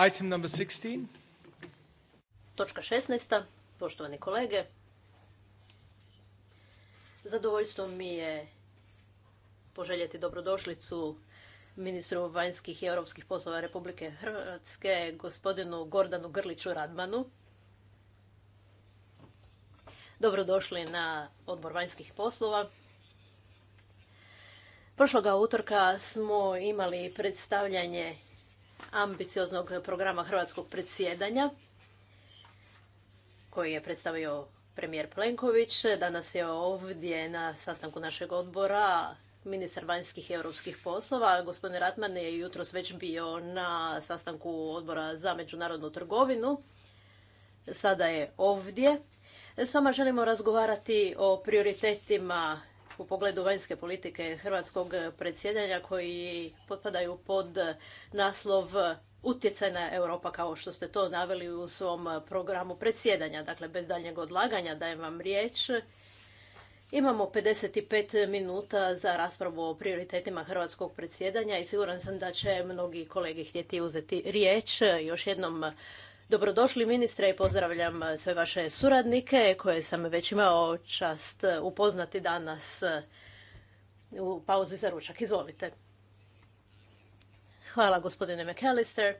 Item number 16. Točka 16. Poštovani kolege, zadovoljstvo mi je poželjeti dobrodošlicu ministru vanjskih i europskih poslova Republike Hrvatske, gospodinu Gordanu Grliću Radmanu. Dobrodošli na odbor vanjskih poslova. Prošloga utorka smo imali predstavljanje ambicioznog programa hrvatskog predsjedanja koji je predstavio premijer Plenković. Danas je ovdje na sastanku našeg odbora ministar vanjskih i europskih poslova. Gospodin Ratman je jutros već bio na sastanku odbora za međunarodnu trgovinu. Sada je ovdje. S vama želimo razgovarati o prioritetima u pogledu vanjske politike hrvatskog predsjedanja koji potpadaju pod naslov utjecajna Europa kao što ste to naveli u svom programu predsjedanja. Dakle, bez daljnjeg odlaganja dajem vam riječ. Imamo 55 minuta za raspravu o prioritetima hrvatskog predsjedanja i siguran sam da će mnogi kolege htjeti uzeti riječ. Još jednom Dobrodošli ministre i pozdravljam eh, sve vaše suradnike koje sam već imao čast eh, upoznati danas eh, u pauzi za ručak. Izvolite. Hvala gospodine McAllister.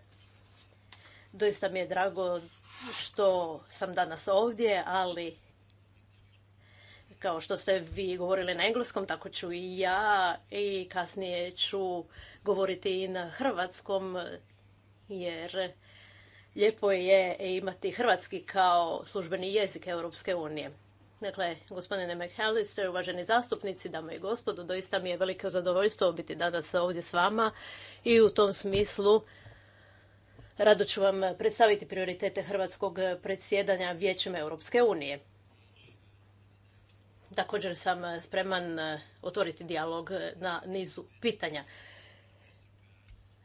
Doista mi je drago što sam danas ovdje, ali kao što ste vi govorili na engleskom, tako ću i ja i kasnije ću govoriti i na hrvatskom, jer lijepo je e, imati hrvatski kao službeni jezik Europske unije. Dakle, gospodine McAllister, uvaženi zastupnici, dame i gospodo, doista mi je veliko zadovoljstvo biti danas ovdje s vama i u tom smislu rado ću vam predstaviti prioritete hrvatskog predsjedanja Vijećem Europske unije. Također sam spreman otvoriti dijalog na nizu pitanja.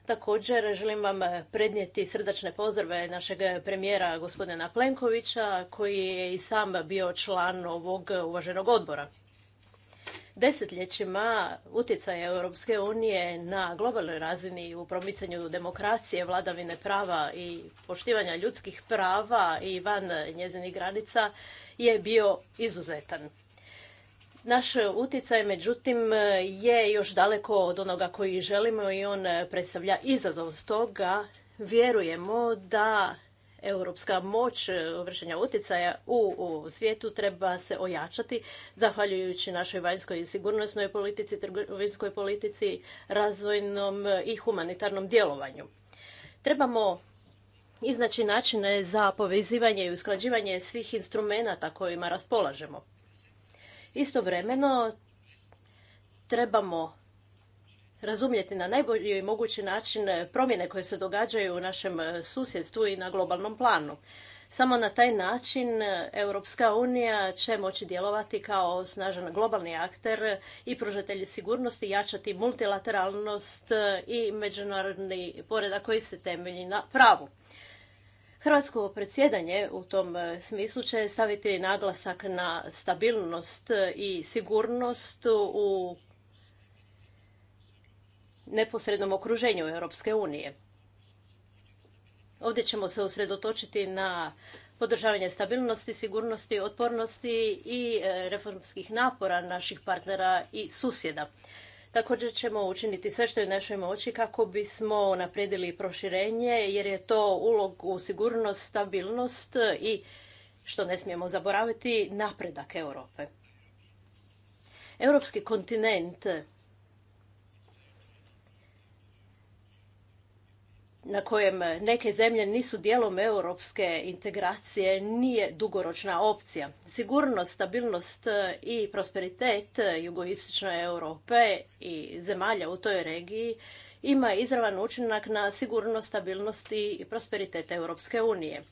Također želim vam e, prednijeti srdačne pozdrave našeg e, premijera gospodina Plenkovića koji je i sam bio član ovog uvaženog odbora. Desetljećima utjecaj Europske unije na globalnoj razini u promicanju demokracije, vladavine prava i poštivanja ljudskih prava i van njezinih granica je bio izuzetan. Naš utjecaj, međutim, je još daleko od onoga koji želimo i on predstavlja izazov. Stoga vjerujemo da europska moć vršenja utjecaja u svijetu treba se ojačati zahvaljujući našoj vanjskoj i sigurnosnoj politici, trgovinskoj politici, razvojnom i humanitarnom djelovanju. Trebamo iznaći načine za povezivanje i usklađivanje svih instrumenata kojima raspolažemo. Istovremeno trebamo razumjeti na najbolji mogući način promjene koje se događaju u našem susjedstvu i na globalnom planu. Samo na taj način Europska unija će moći djelovati kao snažan globalni akter i pružatelji sigurnosti, jačati multilateralnost i međunarodni poredak koji se temelji na pravu. Hrvatsko predsjedanje u tom e, smislu će staviti naglasak na stabilnost e, i sigurnost u neposrednom okruženju Europske unije. Ovdje ćemo se usredotočiti na podržavanje stabilnosti, sigurnosti, otpornosti i e, reformskih napora naših partnera i susjeda. Također ćemo učiniti sve što je u našoj moći kako bismo naprijedili proširenje jer je to ulog u sigurnost, stabilnost i što ne smijemo zaboraviti, napredak Europe. Europski kontinent na kojem neke zemlje nisu dijelom europske integracije nije dugoročna opcija. Sigurnost, stabilnost e, i prosperitet e, jugoistočne Europe i zemalja u toj regiji ima izravan učinak na sigurnost, stabilnost i prosperitet Europske unije.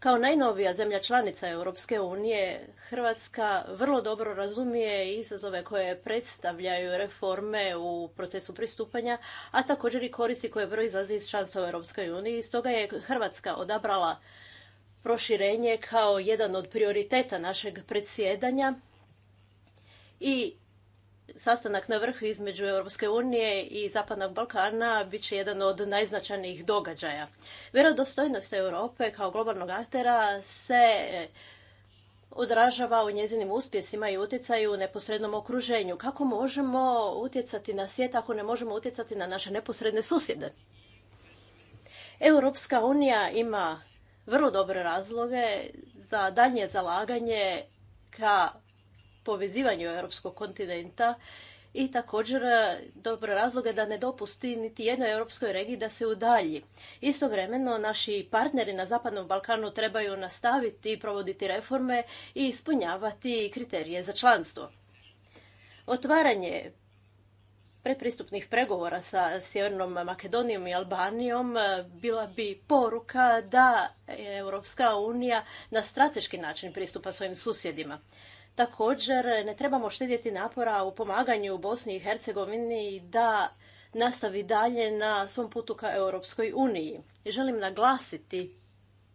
Kao najnovija zemlja članica Europske unije, Hrvatska vrlo dobro razumije izazove koje predstavljaju reforme u procesu pristupanja, a također i koristi koje proizlaze iz članstva u Europskoj uniji. Stoga je Hrvatska odabrala proširenje kao jedan od prioriteta našeg predsjedanja i sastanak na vrhu između Europske unije i Zapadnog Balkana bit će jedan od najznačajnijih događaja. Vjerodostojnost Europe kao globalnog aktera se e, odražava u njezinim uspjesima i utjecaju u neposrednom okruženju. Kako možemo utjecati na svijet ako ne možemo utjecati na naše neposredne susjede? Europska unija ima vrlo dobre razloge za daljnje zalaganje ka povezivanju europskog kontinenta i također e, dobro razloga da ne dopusti niti jednoj europskoj regiji da se udalji. Istovremeno naši partneri na Zapadnom Balkanu trebaju nastaviti i provoditi reforme i ispunjavati kriterije za članstvo. Otvaranje prepristupnih pregovora sa Sjevernom Makedonijom i Albanijom e, bila bi poruka da Europska unija na strateški način pristupa svojim susjedima. Također, ne trebamo štedjeti napora u pomaganju Bosni i Hercegovini da nastavi dalje na svom putu ka Europskoj uniji. Želim naglasiti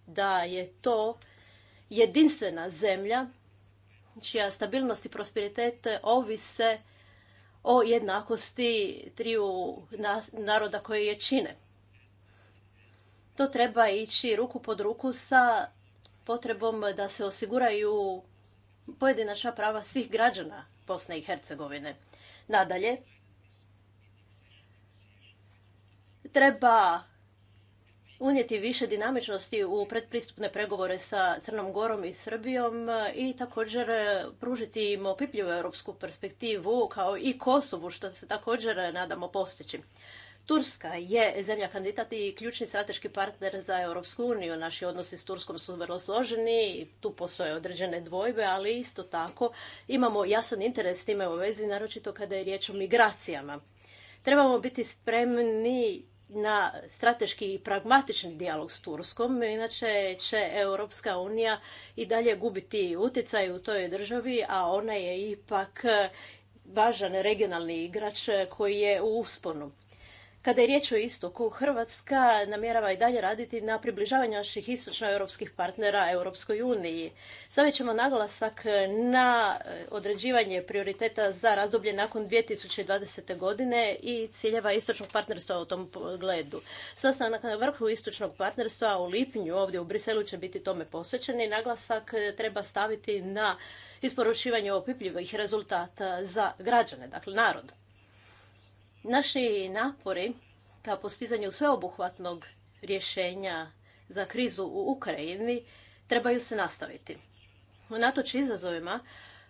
da je to jedinstvena zemlja čija stabilnost i prosperitet ovise o jednakosti triju naroda koji je čine. To treba ići ruku pod ruku sa potrebom da se osiguraju pojedinačna prava svih građana Bosne i Hercegovine. Nadalje, treba unijeti više dinamičnosti u predpristupne pregovore sa Crnom Gorom i Srbijom i također pružiti im opipljivu europsku perspektivu kao i Kosovu, što se također nadamo postići. Turska je zemlja kandidat i ključni strateški partner za Europsku uniju. Naši odnosi s Turskom su vrlo složeni, tu postoje određene dvojbe, ali isto tako imamo jasan interes s time u vezi, naročito kada je riječ o migracijama. Trebamo biti spremni na strateški i pragmatični dijalog s Turskom, inače će Europska unija i dalje gubiti utjecaj u toj državi, a ona je ipak važan regionalni igrač koji je u usponu. Kada je riječ o istoku, Hrvatska namjerava i dalje raditi na približavanju naših istočno-europskih partnera Europskoj uniji. Stavit ćemo naglasak na eh, određivanje prioriteta za razdoblje nakon 2020. godine i ciljeva istočnog partnerstva u tom pogledu. Sastanak na vrhu istočnog partnerstva u lipnju ovdje u Briselu će biti tome posvećen i naglasak eh, treba staviti na isporučivanje opipljivih rezultata za građane, dakle narod. Naši napori ka postizanju sveobuhvatnog rješenja za krizu u Ukrajini trebaju se nastaviti. Unatoč izazovima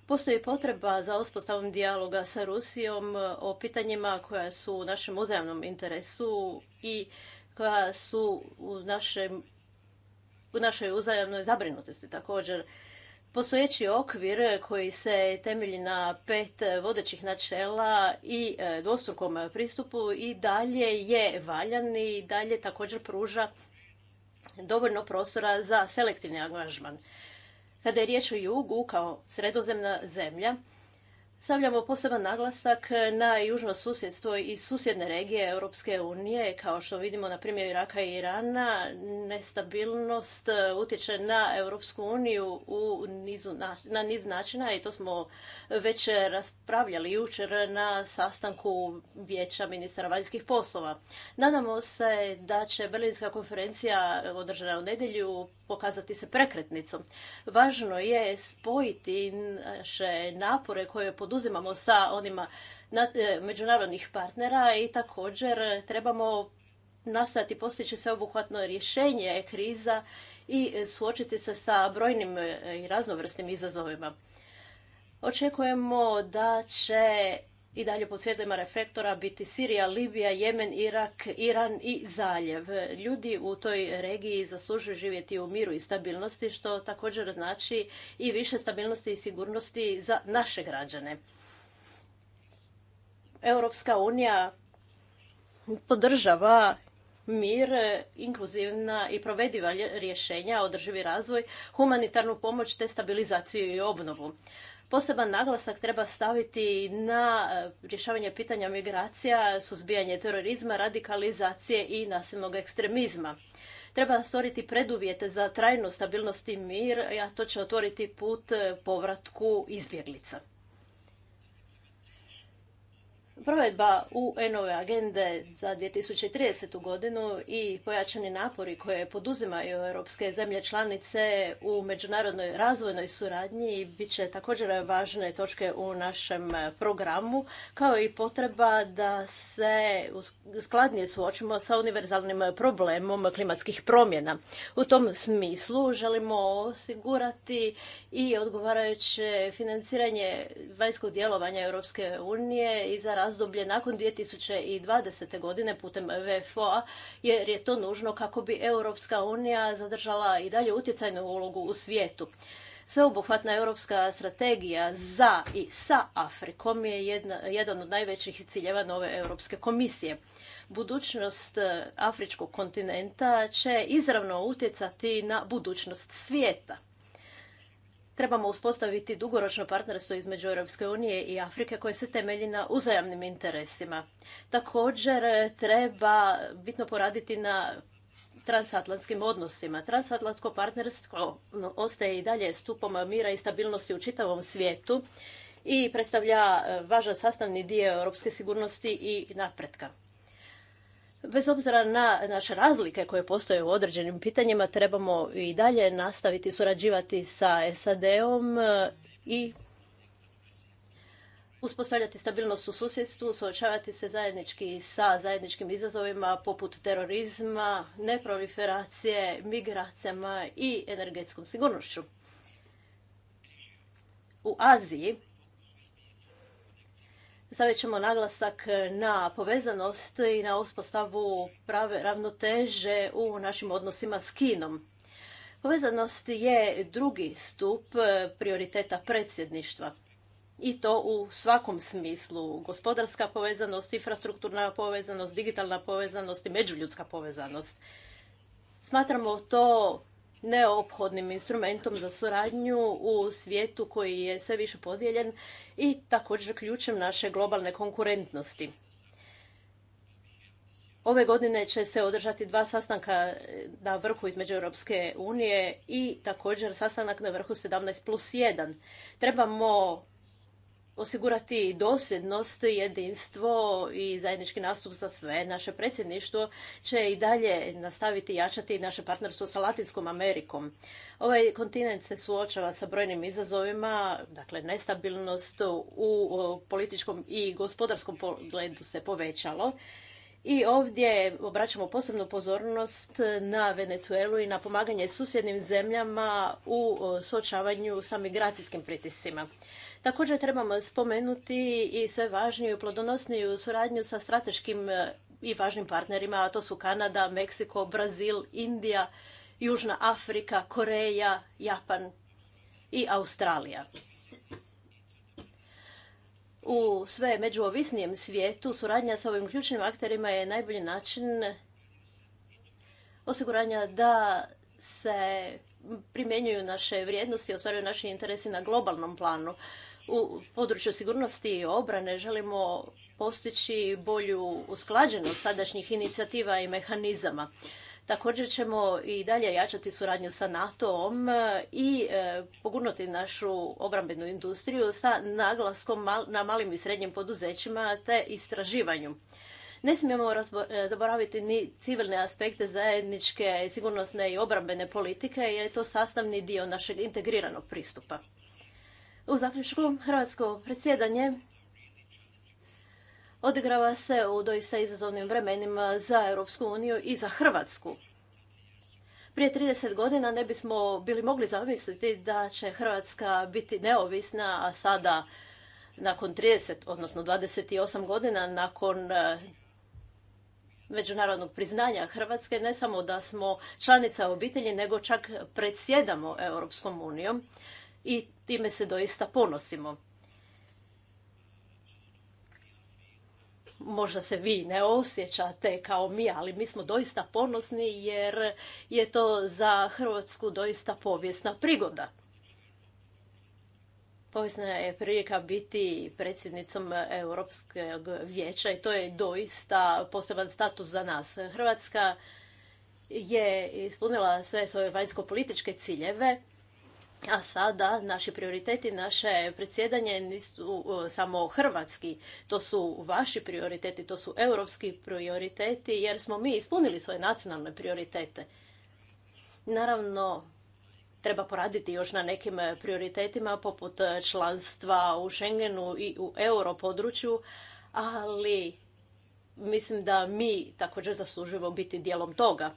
postoji potreba za uspostavom dijaloga sa Rusijom o pitanjima koja su u našem uzajamnom interesu i koja su u, našem, u našoj uzajamnoj zabrinutosti također. Postojeći okvir koji se temelji na pet vodećih načela i e, dvostrukom pristupu i dalje je valjan i dalje također pruža dovoljno prostora za selektivni angažman. Kada je riječ o jugu kao sredozemna zemlja, Stavljamo poseban naglasak na južno susjedstvo i susjedne regije Europske unije. Kao što vidimo na primjer Iraka i Irana, nestabilnost e, utječe na Europsku uniju u nizu, na niz načina i to smo već raspravljali jučer na sastanku Vijeća ministara vanjskih poslova. Nadamo se da će Berlinska konferencija održana u nedjelju pokazati se prekretnicom. Važno je spojiti naše napore koje poduzimamo sa onima e, međunarodnih partnera i također trebamo nastojati postići sveobuhvatno rješenje kriza i suočiti se sa brojnim e, i raznovrsnim izazovima. Očekujemo da će i dalje po svjetlima reflektora biti Sirija, Libija, Jemen, Irak, Iran i Zaljev. Ljudi u toj regiji zaslužuju živjeti u miru i stabilnosti, što također znači i više stabilnosti i sigurnosti za naše građane. Europska unija podržava mir, inkluzivna i provediva rješenja, održivi razvoj, humanitarnu pomoć te stabilizaciju i obnovu. Poseban naglasak treba staviti na e, rješavanje pitanja migracija, suzbijanje terorizma, radikalizacije i nasilnog ekstremizma. Treba stvoriti preduvjete za trajnu stabilnost i mir, a to će otvoriti put e, povratku izbjeglica. Provedba UN-ove agende za 2030. godinu i pojačani napori koje poduzimaju europske zemlje članice u međunarodnoj razvojnoj suradnji bit će također važne točke u našem programu, kao i potreba da se skladnije suočimo sa univerzalnim problemom klimatskih promjena. U tom smislu želimo osigurati i odgovarajuće financiranje vanjskog djelovanja Europske unije i za razvoj razdoblje nakon 2020. godine putem VFO-a, jer je to nužno kako bi Europska unija zadržala i dalje utjecajnu ulogu u svijetu. Sveobuhvatna europska strategija za i sa Afrikom je jedna, jedan od najvećih ciljeva nove Europske komisije. Budućnost afričkog kontinenta će izravno utjecati na budućnost svijeta trebamo uspostaviti dugoročno partnerstvo između Europske unije i Afrike koje se temelji na uzajamnim interesima. Također treba bitno poraditi na transatlantskim odnosima. Transatlantsko partnerstvo ostaje i dalje stupom mira i stabilnosti u čitavom svijetu i predstavlja važan sastavni dio europske sigurnosti i napretka. Bez obzira na naše razlike koje postoje u određenim pitanjima, trebamo i dalje nastaviti surađivati sa SAD-om e, i uspostavljati stabilnost u susjedstvu, suočavati se zajednički sa zajedničkim izazovima poput terorizma, neproliferacije, migracijama i energetskom sigurnošću. U Aziji Stavit ćemo naglasak na povezanost i na uspostavu prave ravnoteže u našim odnosima s Kinom. Povezanost je drugi stup prioriteta predsjedništva i to u svakom smislu. Gospodarska povezanost, infrastrukturna povezanost, digitalna povezanost i međuljudska povezanost. Smatramo to neophodnim instrumentom za suradnju u svijetu koji je sve više podijeljen i također ključem naše globalne konkurentnosti. Ove godine će se održati dva sastanka na vrhu između Europske unije i također sastanak na vrhu 17 plus 1. Trebamo osigurati dosljednost, jedinstvo i zajednički nastup za sve. Naše predsjedništvo će i dalje nastaviti jačati naše partnerstvo sa Latinskom Amerikom. Ovaj kontinent se suočava sa brojnim izazovima, dakle nestabilnost u političkom i gospodarskom pogledu se povećalo i ovdje obraćamo posebnu pozornost na Venecuelu i na pomaganje susjednim zemljama u suočavanju sa migracijskim pritiscima. Također trebamo spomenuti i sve važniju i plodonosniju suradnju sa strateškim e, i važnim partnerima, a to su Kanada, Meksiko, Brazil, Indija, Južna Afrika, Koreja, Japan i Australija. U sve međuovisnijem svijetu suradnja sa ovim ključnim akterima je najbolji način osiguranja da se primjenjuju naše vrijednosti i ostvaruju naši interesi na globalnom planu. U području sigurnosti i obrane želimo postići bolju usklađenost sadašnjih inicijativa i mehanizama. Također ćemo i dalje jačati suradnju sa NATO-om e, i e, pogurnuti našu obrambenu industriju sa naglaskom na malim i srednjim poduzećima te istraživanju. Ne smijemo e, zaboraviti ni civilne aspekte zajedničke sigurnosne i obrambene politike jer je to sastavni dio našeg integriranog pristupa. U zaključku, hrvatsko predsjedanje odigrava se u doista izazovnim vremenima za Europsku uniju i za Hrvatsku. Prije 30 godina ne bismo bili mogli zamisliti da će Hrvatska biti neovisna, a sada nakon 30, odnosno 28 godina nakon e, međunarodnog priznanja Hrvatske, ne samo da smo članica obitelji, nego čak predsjedamo Europskom unijom i time se doista ponosimo. možda se vi ne osjećate kao mi, ali mi smo doista ponosni jer je to za Hrvatsku doista povijesna prigoda. Povijesna je prilika biti predsjednicom Europskog vijeća i to je doista poseban status za nas. Hrvatska je ispunila sve svoje vanjsko-političke ciljeve, a sada naši prioriteti, naše predsjedanje nisu samo hrvatski, to su vaši prioriteti, to su europski prioriteti jer smo mi ispunili svoje nacionalne prioritete. Naravno, treba poraditi još na nekim prioritetima poput članstva u Schengenu i u europodručju, ali mislim da mi također zaslužujemo biti dijelom toga.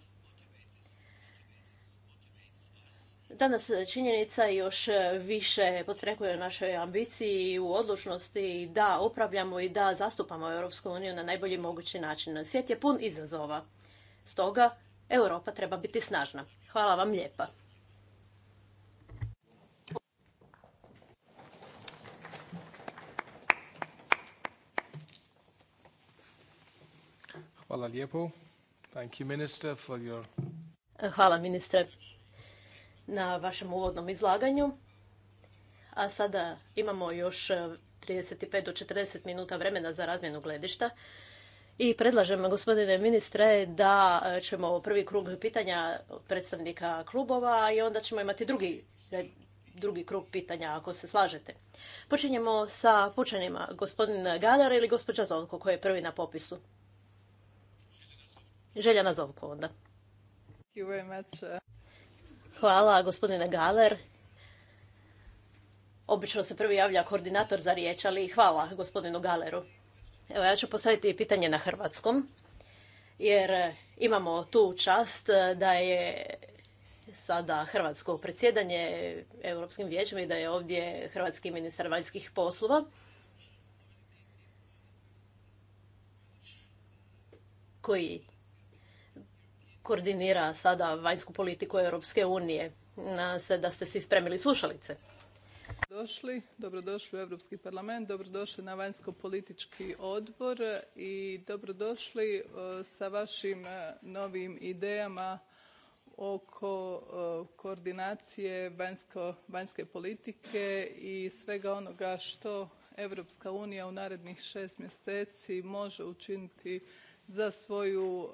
Danas činjenica još više potrekuje našoj ambiciji i u odlučnosti da upravljamo i da zastupamo Europsku uniju na najbolji mogući način. Svijet je pun izazova. Stoga Europa treba biti snažna. Hvala vam lijepa. Hvala minister, Hvala ministre na vašem uvodnom izlaganju. A sada imamo još 35 e, do 40 minuta vremena za razmjenu gledišta. I predlažem, gospodine ministre, da e, ćemo prvi krug pitanja predstavnika klubova i onda ćemo imati drugi, drugi krug pitanja, ako se slažete. Počinjemo sa počanjima, Gospodin Gadar ili gospođa Zonko koji je prvi na popisu? Željana Zovko onda. Uh, Hvala gospodine Galer. Obično se prvi javlja koordinator za riječ, ali hvala gospodinu Galeru. Evo, ja ću postaviti pitanje na hrvatskom, jer eh, imamo tu čast eh, da je sada hrvatsko predsjedanje Europskim vijećem i da je ovdje hrvatski ministar vanjskih poslova. koji koordinira sada vanjsku politiku Europske unije. Na se da ste si spremili slušalice. Došli, dobrodošli u Europski parlament, dobrodošli na vanjsko-politički odbor i dobrodošli e, sa vašim e, novim idejama oko e, koordinacije vanjsko, vanjske politike i svega onoga što Europska unija u narednih šest mjeseci može učiniti za svoju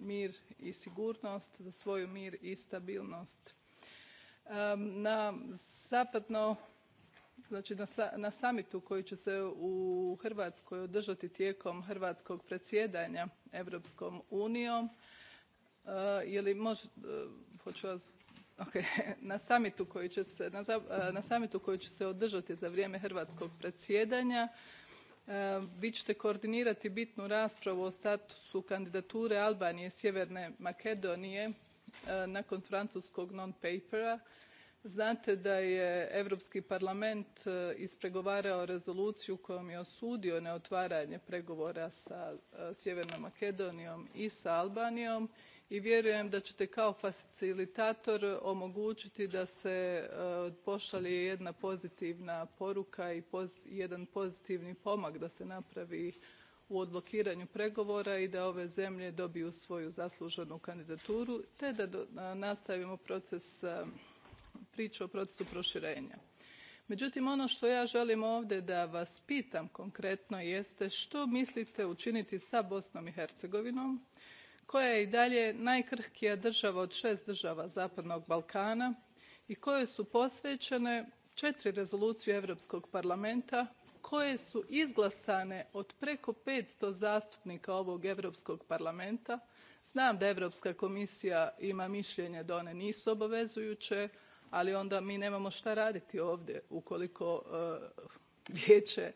mir i sigurnost, za svoju mir i stabilnost. Na zapadno znači na, samitu koji će se u Hrvatskoj održati tijekom hrvatskog predsjedanja Europskom unijom, eh, eh, Na samitu eh, na samitu koji će se održati za vrijeme hrvatskog predsjedanja E, vi ćete koordinirati bitnu raspravu o statusu kandidature Albanije i Sjeverne Makedonije e, nakon francuskog non-papera. Znate da je Europski parlament e, ispregovarao rezoluciju kojom je osudio neotvaranje pregovora sa Sjevernom Makedonijom i sa Albanijom i vjerujem da ćete kao facilitator omogućiti da se e, pošalje jedna pozitivna poruka i jedan pozitivni pomak da se napravi u odblokiranju pregovora i da ove zemlje dobiju svoju zasluženu kandidaturu te da e, nastavimo proces e, priče o procesu proširenja. Međutim, ono što ja želim ovdje da vas pitam konkretno jeste što mislite učiniti sa Bosnom i Hercegovinom koja je i dalje najkrhkija država od šest država zapadnog balkana i kojoj su posvećene četiri rezolucije europskog parlamenta koje su izglasane od preko 500 zastupnika ovog europskog parlamenta znam da europska komisija ima mišljenje da one nisu obavezujuće ali onda mi nemamo šta raditi ovdje ukoliko e, vijeće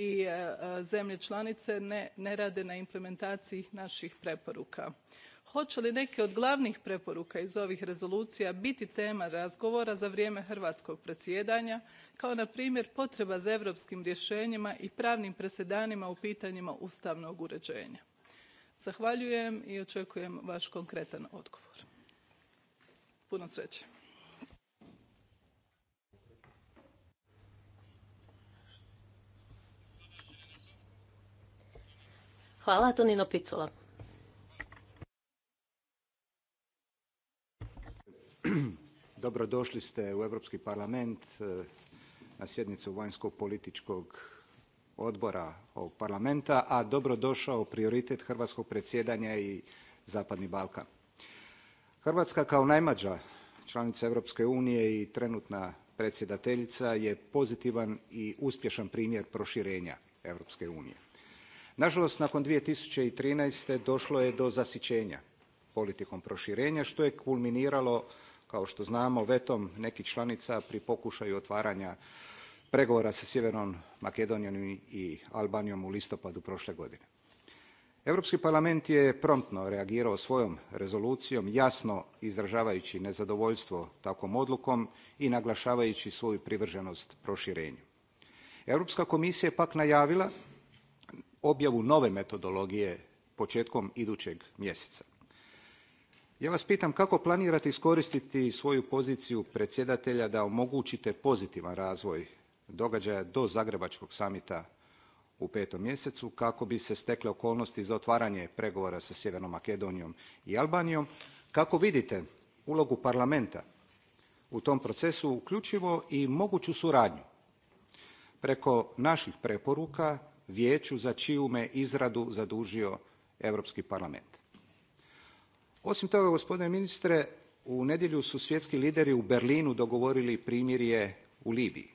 i e, e, zemlje članice ne, rade na implementaciji naših preporuka. Hoće li neke od glavnih preporuka iz ovih rezolucija biti tema razgovora za vrijeme hrvatskog predsjedanja, kao na primjer potreba za europskim rješenjima i pravnim presedanima u pitanjima ustavnog uređenja? Zahvaljujem i očekujem vaš konkretan odgovor. Puno sreće. Hvala, Tonino Picula. Dobrodošli ste u Europski parlament eh, na sjednicu vanjsko-političkog odbora ovog parlamenta, a dobro došao prioritet hrvatskog predsjedanja i Zapadni Balkan. Hrvatska kao najmađa članica Europske unije i trenutna predsjedateljica je pozitivan i uspješan primjer proširenja Europske unije nažalost nakon. two thousand and došlo je do zasićenja politikom proširenja što je kulminiralo kao što znamo vetom nekih članica pri pokušaju otvaranja pregovora sa sjevernom makedonijom i albanijom u listopadu prošle godine. europski parlament je promptno reagirao svojom rezolucijom jasno izražavajući nezadovoljstvo takvom odlukom i naglašavajući svoju privrženost proširenju. europska komisija je pak najavila objavu nove metodologije početkom idućeg mjeseca. Ja vas pitam kako planirate iskoristiti svoju poziciju predsjedatelja da omogućite pozitivan razvoj događaja do zagrebačkog samita u petom mjesecu kako bi se stekle okolnosti za otvaranje pregovora sa sjevernom makedonijom i albanijom kako vidite ulogu parlamenta u tom procesu uključivo i moguću suradnju preko naših preporuka vijeću za čiju me izradu zadužio europski parlament osim toga gospodine ministre u nedjelju su svjetski lideri u berlinu dogovorili primirje u libiji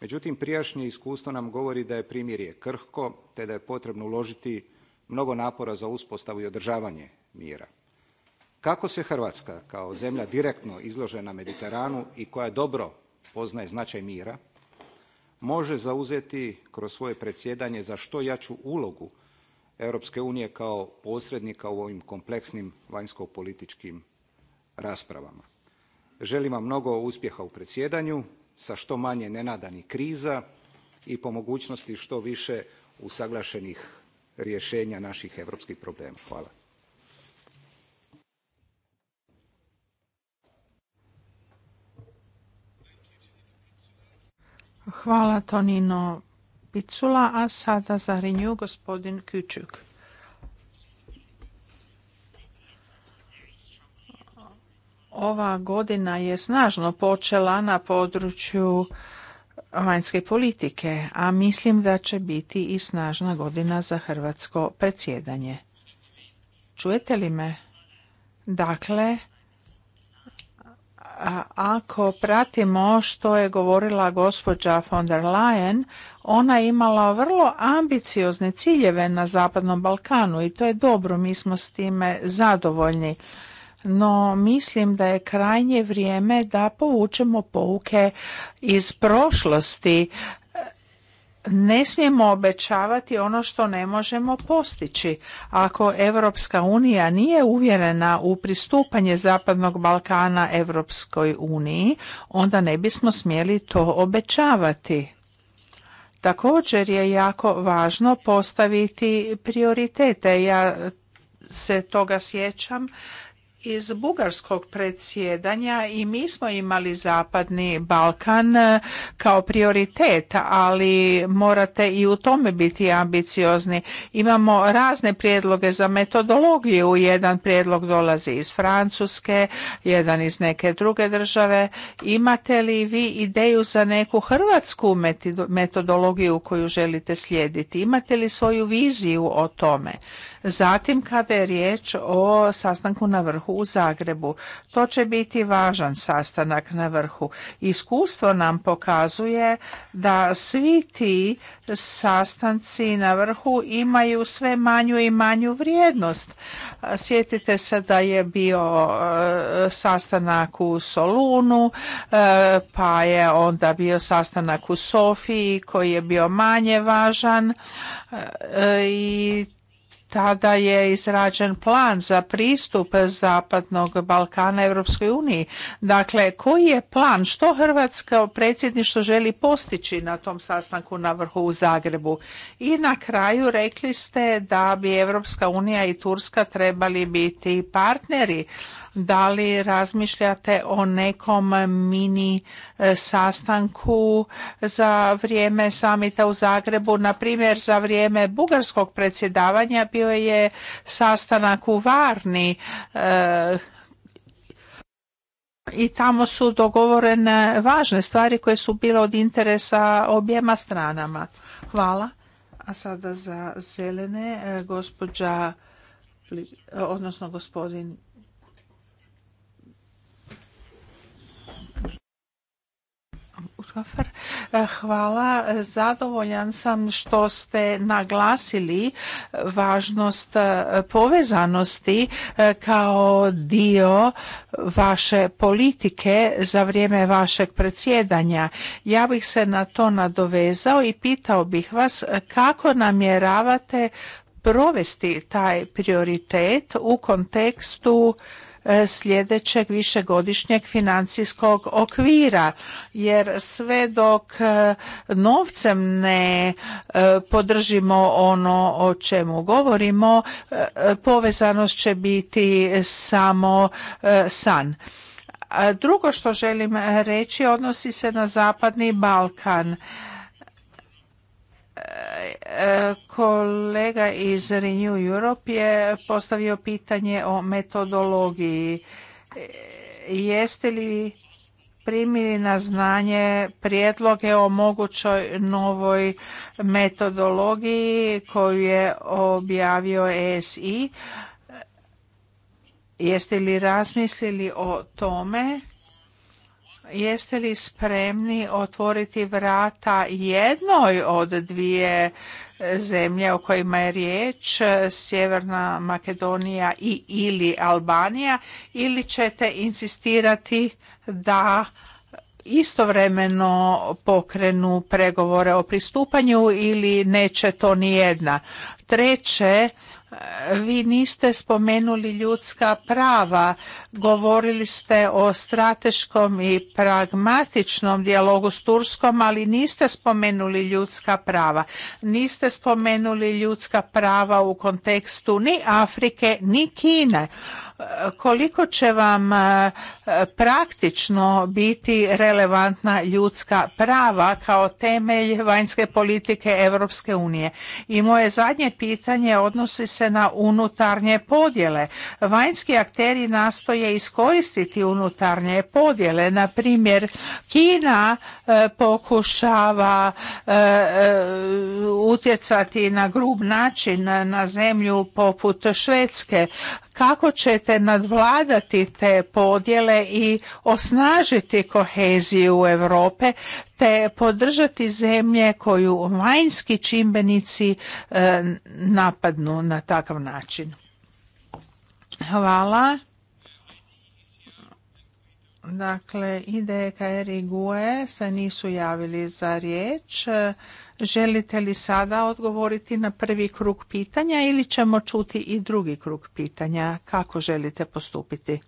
međutim prijašnje iskustvo nam govori da je primirje krhko te da je potrebno uložiti mnogo napora za uspostavu i održavanje mira kako se hrvatska kao zemlja direktno izložena mediteranu i koja dobro poznaje značaj mira može zauzeti kroz svoje predsjedanje za što jaču ulogu europske unije kao posrednika u ovim kompleksnim vanjsko-političkim raspravama. želim vam mnogo uspjeha u predsjedanju sa što manje nenadanih kriza i po mogućnosti što više usaglašenih rješenja naših europskih problema. hvala. Hvala Tonino Picula, a sada za Renew gospodin Kučuk. Ova godina je snažno počela na području vanjske politike, a mislim da će biti i snažna godina za hrvatsko predsjedanje. Čujete li me? Dakle, ako pratimo što je govorila gospođa von der Leyen, ona je imala vrlo ambiciozne ciljeve na Zapadnom Balkanu i to je dobro, mi smo s time zadovoljni. No mislim da je krajnje vrijeme da povučemo pouke iz prošlosti ne smijemo obećavati ono što ne možemo postići. Ako Europska unija nije uvjerena u pristupanje Zapadnog Balkana Europskoj uniji, onda ne bismo smjeli to obećavati. Također je jako važno postaviti prioritete. Ja se toga sjećam iz bugarskog predsjedanja i mi smo imali zapadni Balkan e, kao prioritet, ali morate i u tome biti ambiciozni. Imamo razne prijedloge za metodologiju. Jedan prijedlog dolazi iz Francuske, jedan iz neke druge države. Imate li vi ideju za neku hrvatsku metodologiju koju želite slijediti? Imate li svoju viziju o tome? Zatim kada je riječ o sastanku na vrhu u Zagrebu, to će biti važan sastanak na vrhu. Iskustvo nam pokazuje da svi ti sastanci na vrhu imaju sve manju i manju vrijednost. Sjetite se da je bio e, sastanak u Solunu, e, pa je onda bio sastanak u Sofiji koji je bio manje važan e, i tada je izrađen plan za pristup Zapadnog Balkana Europskoj uniji. Dakle, koji je plan? Što Hrvatska predsjedništvo želi postići na tom sastanku na vrhu u Zagrebu? I na kraju rekli ste da bi Europska unija i Turska trebali biti partneri da li razmišljate o nekom mini e, sastanku za vrijeme samita u Zagrebu. Na primjer, za vrijeme bugarskog predsjedavanja bio je sastanak u Varni e, i tamo su dogovorene važne stvari koje su bile od interesa objema stranama. Hvala. A sada za zelene e, gospođa odnosno gospodin E, hvala. Zadovoljan sam što ste naglasili važnost e, povezanosti e, kao dio vaše politike za vrijeme vašeg predsjedanja. Ja bih se na to nadovezao i pitao bih vas kako namjeravate provesti taj prioritet u kontekstu E, sljedećeg višegodišnjeg financijskog okvira jer sve dok e, novcem ne e, podržimo ono o čemu govorimo povezanost će biti samo san. Drugo što želim reći odnosi se na zapadni Balkan Kolega iz Renew Europe je postavio pitanje o metodologiji. Jeste li primili na znanje prijedloge o mogućoj novoj metodologiji koju je objavio ESI? Jeste li razmislili o tome? Jeste li spremni otvoriti vrata jednoj od dvije zemlje o kojima je riječ, Sjeverna Makedonija i ili Albanija, ili ćete insistirati da istovremeno pokrenu pregovore o pristupanju ili neće to ni jedna. Treće, vi niste spomenuli ljudska prava, govorili ste o strateškom i pragmatičnom dijalogu s Turskom, ali niste spomenuli ljudska prava. Niste spomenuli ljudska prava u kontekstu ni Afrike, ni Kine koliko će vam e, praktično biti relevantna ljudska prava kao temelj vanjske politike Europske unije. I moje zadnje pitanje odnosi se na unutarnje podjele. Vanjski akteri nastoje iskoristiti unutarnje podjele. Na primjer, Kina e, pokušava e, utjecati na grub način na zemlju poput Švedske. Kako ćete nadvladati te podjele i osnažiti koheziju Europe te podržati zemlje koju vanjski čimbenici e, napadnu na takav način? Hvala. Dakle, ide i GUE se nisu javili za riječ. Želite li sada odgovoriti na prvi krug pitanja ili ćemo čuti i drugi krug pitanja? Kako želite postupiti?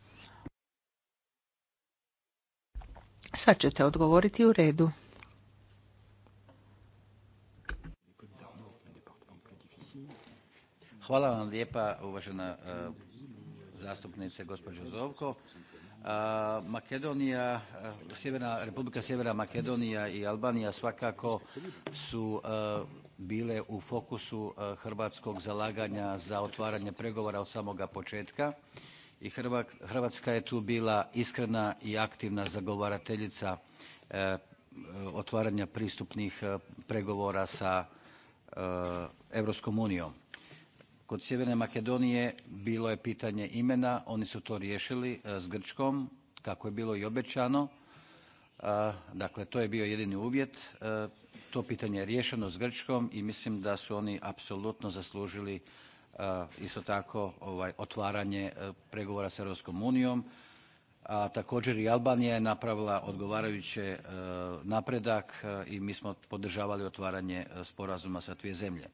Sad ćete odgovoriti u redu. Hvala vam lijepa, uvažena e, zastupnice gospođo Zovko. Makedonija, Sjeverna, Republika Sjeverna Makedonija i Albanija svakako su bile u fokusu hrvatskog zalaganja za otvaranje pregovora od samoga početka i Hrvatska je tu bila iskrena i aktivna zagovarateljica otvaranja pristupnih pregovora sa Europskom unijom. Kod Sjeverne Makedonije bilo je pitanje imena, oni su to riješili e, s Grčkom, kako je bilo i obećano. E, dakle, to je bio jedini uvjet. E, to pitanje je riješeno s Grčkom i mislim da su oni apsolutno zaslužili isto tako ovaj, otvaranje pregovora sa Europskom unijom. A također i Albanija je napravila odgovarajuće napredak i mi smo podržavali otvaranje sporazuma sa dvije zemlje.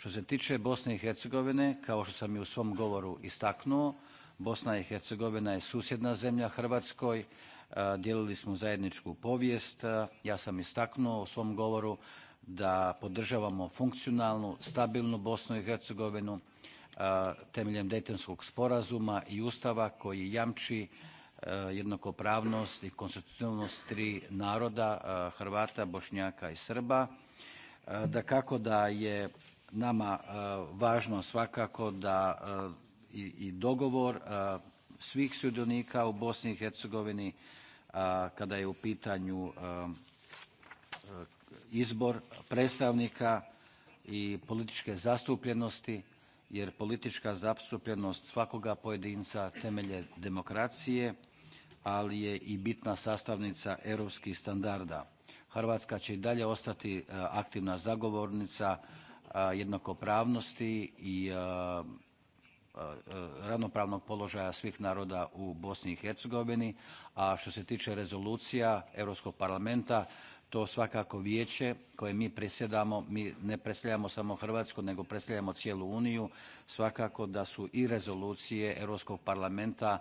Što se tiče Bosne i Hercegovine, kao što sam i u svom govoru istaknuo, Bosna i Hercegovina je susjedna zemlja Hrvatskoj, e, dijelili smo zajedničku povijest. E, ja sam istaknuo u svom govoru da podržavamo funkcionalnu, stabilnu Bosnu i Hercegovinu e, temeljem Dejtonskog sporazuma i Ustava koji jamči jednakopravnost i konstitutivnost tri naroda Hrvata, Bošnjaka i Srba. Dakako da je nama e, važno svakako da e, i, dogovor e, svih sudionika u Bosni i Hercegovini kada je u pitanju izbor predstavnika i političke zastupljenosti, jer politička zastupljenost svakoga pojedinca temelje demokracije, ali je i bitna sastavnica europskih standarda. Hrvatska će i dalje ostati aktivna zagovornica jednakopravnosti i ravnopravnog položaja svih naroda u Bosni i Hercegovini, a što se tiče rezolucija Europskog parlamenta, to svakako vijeće koje mi presjedamo, mi ne predstavljamo samo Hrvatsku nego predstavljamo cijelu Uniju, svakako da su i rezolucije Europskog parlamenta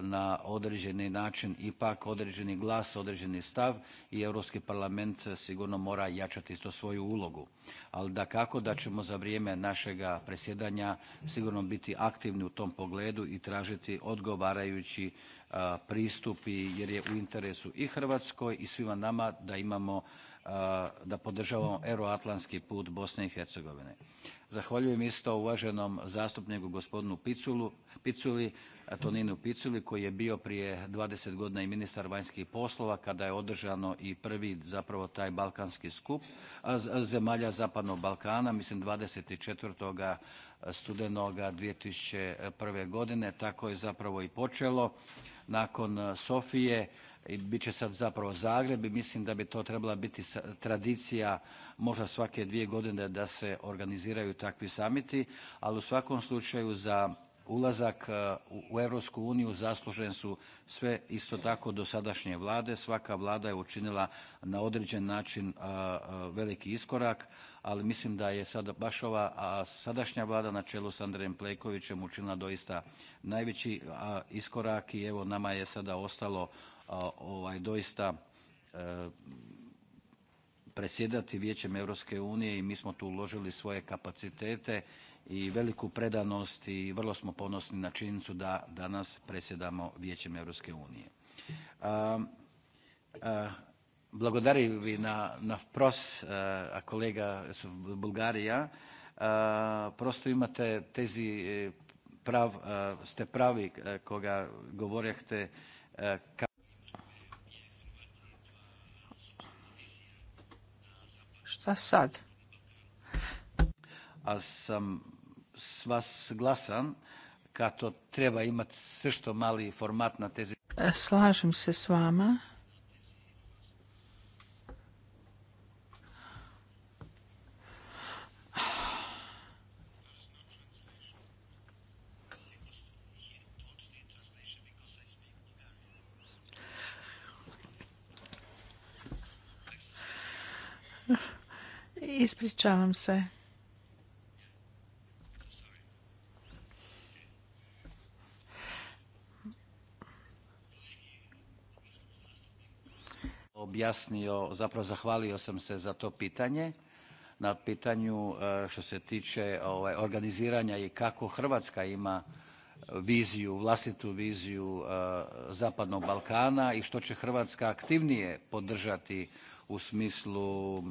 na određeni način ipak određeni glas, određeni stav i Europski parlament sigurno mora jačati isto svoju ulogu. Ali kako da ćemo za vrijeme našega predsjedanja sigurno biti aktivni u tom pogledu i tražiti odgovarajući pristup jer je u interesu i Hrvatskoj i svima nama da imamo Eh, da podržavamo euroatlantski put Bosne i Hercegovine. Zahvaljujem isto uvaženom zastupniku gospodinu Piculu, Piculi, eh, Toninu Piculi koji je bio prije 20 godina i ministar vanjskih poslova kada je održano i prvi zapravo taj balkanski skup eh, zemalja zapadnog Balkana, mislim 24. studenoga 2001. godine, tako je zapravo i počelo. Nakon Sofije i bit će sad zapravo Zagreb i mislim da bi to trebala biti tradicija možda svake dvije godine da se organiziraju takvi samiti, ali u svakom slučaju za ulazak e, u Europsku uniju zaslužen su sve isto tako dosadašnje vlade. Svaka vlada je učinila na određen način e, e, veliki iskorak, ali mislim da je sada baš ova sadašnja vlada na čelu s Andrejem Plenkovićem učinila doista najveći iskorak i evo nama je sada ostalo ovaj doista e, predsjedati Vijećem Europske unije i mi smo tu uložili svoje kapacitete i veliku predanost i vrlo smo ponosni na činjenicu da danas predsjedamo Vijećem Europske unije. na vi na pros, e, kolega а колега prosto ste tezi, e, ste pravi koga Za sad. A sam s vas glasan kako treba imati sve što mali format na tezi. E, slažem se s vama Ispričavam se. objasnio, zapravo zahvalio sam se za to pitanje, na pitanju e, što se tiče ovaj, organiziranja i kako Hrvatska ima viziju, vlastitu viziju e, Zapadnog Balkana i što će Hrvatska aktivnije podržati u smislu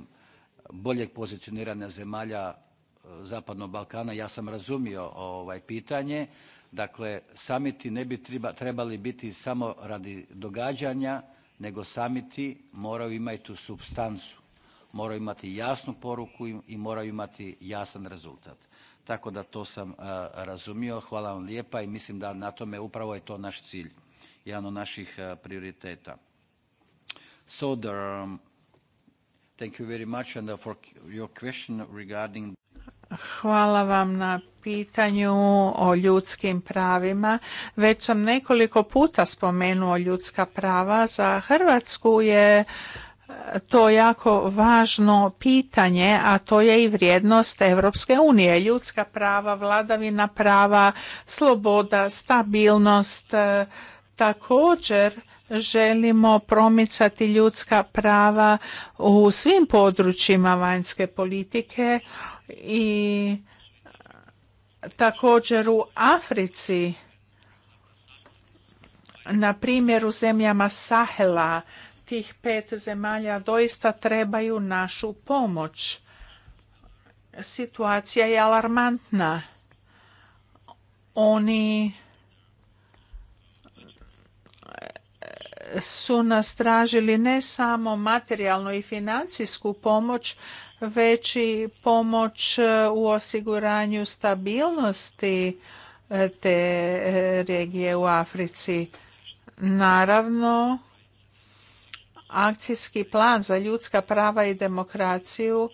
boljeg pozicioniranja zemalja e, Zapadnog Balkana, ja sam razumio ovaj pitanje. Dakle, samiti ne bi trebali biti samo radi događanja, nego samiti moraju imati tu substancu, moraju imati jasnu poruku i moraju imati jasan rezultat. Tako da to sam e, razumio. Hvala vam lijepa i mislim da na tome upravo je to naš cilj, jedan od naših e, prioriteta. So Thank you very uh, Hvala vam na pitanju o ljudskim pravima. Već sam nekoliko puta spomenuo ljudska prava. Za Hrvatsku je e, to jako važno pitanje, a to je i vrijednost Europske unije. Ljudska prava, vladavina prava, sloboda, stabilnost, e, Također želimo promicati ljudska prava u svim područjima vanjske politike i također u Africi, na primjer u zemljama Sahela, tih pet zemalja doista trebaju našu pomoć. Situacija je alarmantna. Oni su nas tražili ne samo materijalnu i financijsku pomoć, već i pomoć e, u osiguranju stabilnosti e, te e, regije u Africi. Naravno, akcijski plan za ljudska prava i demokraciju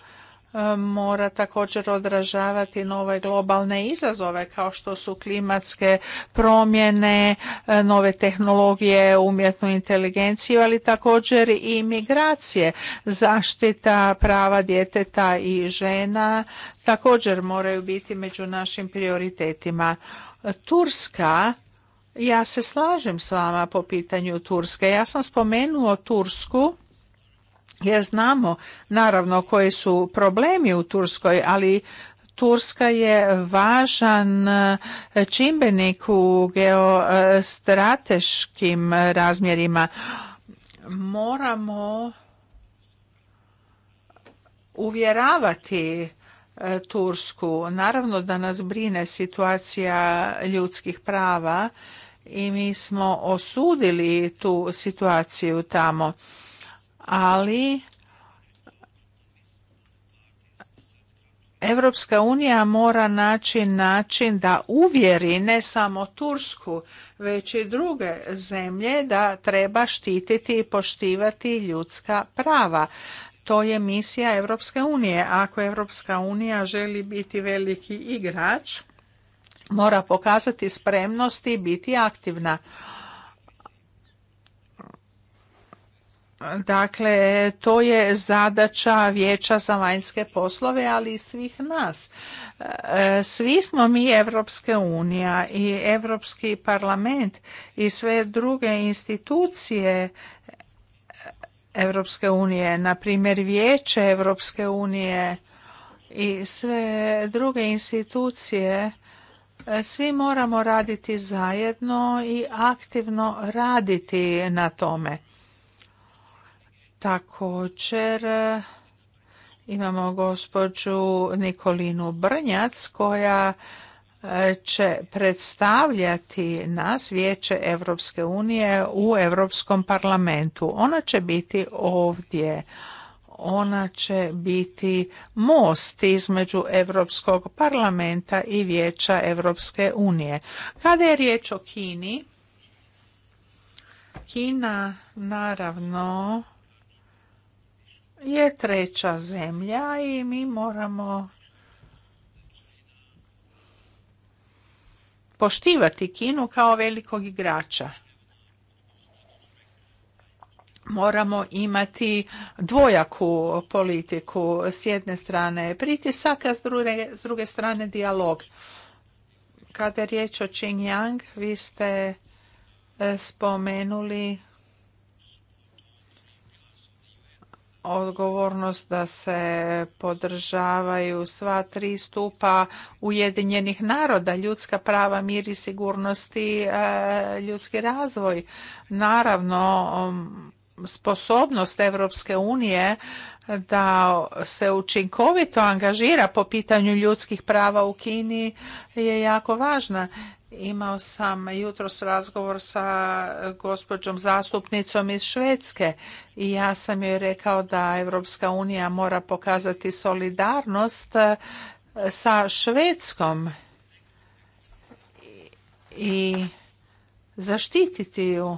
mora također odražavati nove globalne izazove kao što su klimatske promjene, e, nove tehnologije, umjetnu inteligenciju, ali također i migracije. Zaštita prava djeteta i žena također moraju biti među našim prioritetima. Turska ja se slažem s vama po pitanju Turske. Ja sam spomenuo Tursku jer znamo naravno koji su problemi u Turskoj, ali Turska je važan eh, čimbenik u geostrateškim razmjerima. Moramo uvjeravati eh, Tursku. Naravno da nas brine situacija ljudskih prava i mi smo osudili tu situaciju tamo ali Evropska unija mora naći način da uvjeri ne samo Tursku, već i druge zemlje da treba štititi i poštivati ljudska prava. To je misija Evropske unije. Ako Evropska unija želi biti veliki igrač, mora pokazati spremnost i biti aktivna. Dakle, to je zadaća vijeća za vanjske poslove, ali i svih nas. E, svi smo mi Evropske unija i Europski parlament i sve druge institucije Evropske unije, na primjer vijeće Evropske unije i sve druge institucije e, svi moramo raditi zajedno i aktivno raditi na tome. Također e, imamo gospođu Nikolinu Brnjac koja e, će predstavljati nas Vijeće Europske unije u Europskom parlamentu. Ona će biti ovdje. Ona će biti most između Europskog parlamenta i Vijeća Europske unije. Kada je riječ o Kini, Kina naravno je treća zemlja i mi moramo poštivati Kinu kao velikog igrača. Moramo imati dvojaku politiku, s jedne strane pritisak, a s druge, s druge strane dijalog. Kada je riječ o Qingyang, vi ste e, spomenuli odgovornost da se podržavaju sva tri stupa Ujedinjenih naroda, ljudska prava, mir i sigurnosti, e, ljudski razvoj. Naravno, sposobnost Europske unije da se učinkovito angažira po pitanju ljudskih prava u Kini je jako važna Imao sam jutros razgovor sa gospođom zastupnicom iz Švedske i ja sam joj rekao da Europska unija mora pokazati solidarnost eh, sa Švedskom i zaštititi ju.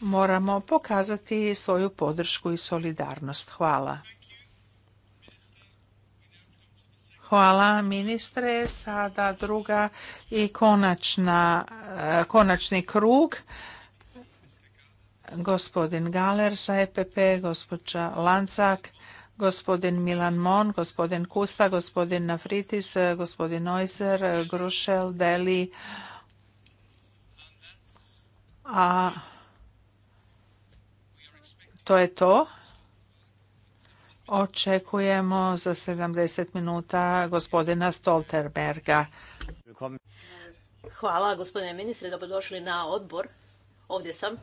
Moramo pokazati svoju podršku i solidarnost. Hvala. Hvala ministre. Sada druga i konačna, e, konačni krug. Gospodin Galer sa EPP, gospođa Lancak, gospodin Milan Mon, gospodin Kusta, gospodin Nafritis, gospodin Neuser, Grušel, Deli. A to je to. Očekujemo za 70 minuta gospodina Stolterberga. Hvala gospodine ministre, dobrodošli na odbor. Ovdje sam.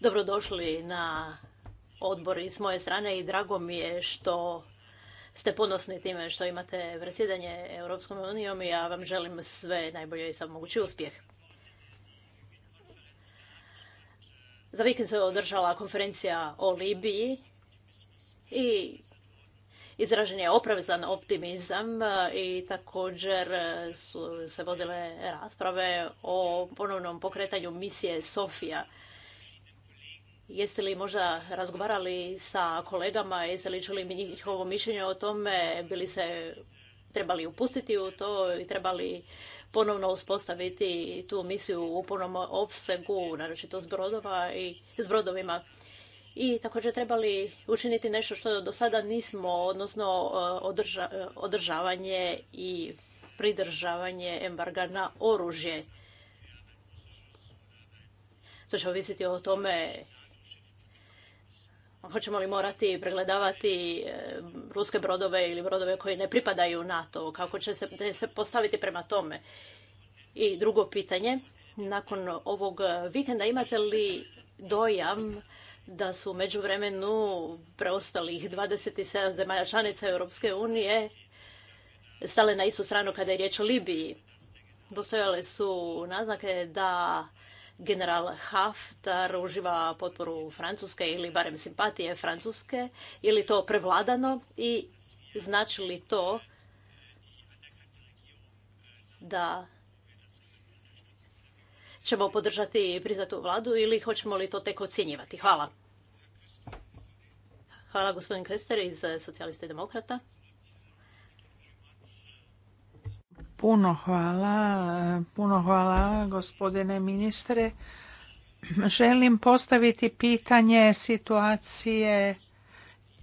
Dobrodošli na odbor i s moje strane i drago mi je što ste ponosni time što imate predsjedanje Europskom unijom i ja vam želim sve najbolje i sam mogući uspjeh. Za vikend se održala konferencija o Libiji i izražen je oprezan optimizam e, i također su se vodile rasprave o ponovnom pokretanju misije Sofija. Jeste li možda razgovarali sa kolegama, jeste li čuli njihovo mišljenje o tome, bili se trebali upustiti u to i trebali ponovno uspostaviti tu misiju u punom opsegu, naročito s, i, s brodovima. I također trebali učiniti nešto što do sada nismo, odnosno e, e, održavanje i pridržavanje embarga na oružje. To će ovisiti o tome Hoćemo li morati pregledavati e, ruske brodove ili brodove koji ne pripadaju NATO? Kako će se postaviti prema tome? I drugo pitanje, nakon ovog vikenda imate li dojam da su među vremenu preostalih 27 zemalja članica Europske unije stale na istu stranu kada je riječ o Libiji? Dostojale su naznake da general Haftar uživa potporu Francuske ili barem simpatije Francuske? Je li to prevladano i znači li to da ćemo podržati priznatu vladu ili hoćemo li to tek ocjenjivati? Hvala. Hvala gospodin Kester iz Socijalista i Demokrata. Puno hvala, puno hvala gospodine ministre. Želim postaviti pitanje situacije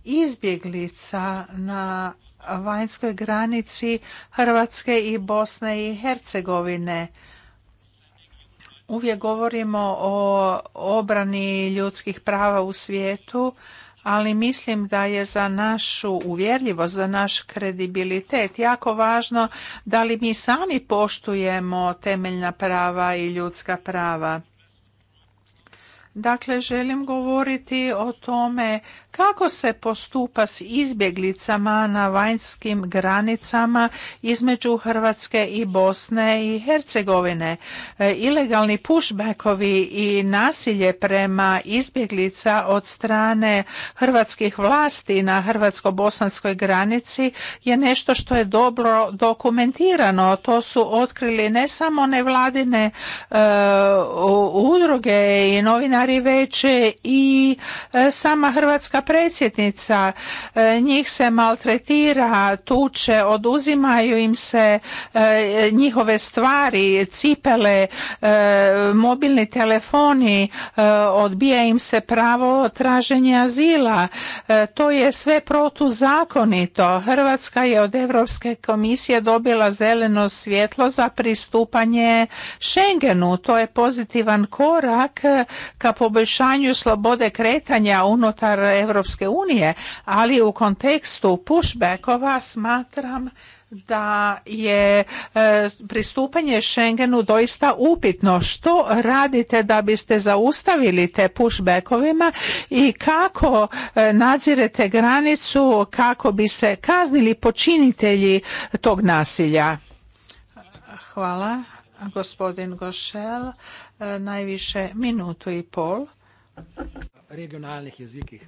izbjeglica na vanjskoj granici Hrvatske i Bosne i Hercegovine. Uvijek govorimo o obrani ljudskih prava u svijetu, ali mislim da je za našu uvjerljivost, za naš kredibilitet jako važno da li mi sami poštujemo temeljna prava i ljudska prava. Dakle, želim govoriti o tome kako se postupa s izbjeglicama na vanjskim granicama između Hrvatske i Bosne i Hercegovine. E, ilegalni pushbackovi i nasilje prema izbjeglica od strane hrvatskih vlasti na hrvatsko-bosanskoj granici je nešto što je dobro dokumentirano. To su otkrili ne samo nevladine uh, udruge i novinari stvari i e, sama hrvatska predsjednica. E, njih se maltretira, tuče, oduzimaju im se e, njihove stvari, cipele, mobilni telefoni, odbija im se pravo traženja azila. To je sve protuzakonito. Hrvatska je od Europske komisije dobila zeleno svjetlo za pristupanje Schengenu. To je pozitivan korak ka poboljšanju slobode kretanja unutar Europske unije, ali u kontekstu pushbackova smatram da je e, pristupanje Schengenu doista upitno. Što radite da biste zaustavili te pushbackovima i kako e, nadzirete granicu kako bi se kaznili počinitelji tog nasilja? Hvala, gospodin Gošel. E, najviše minutu i pol. Regionalnih jezikih.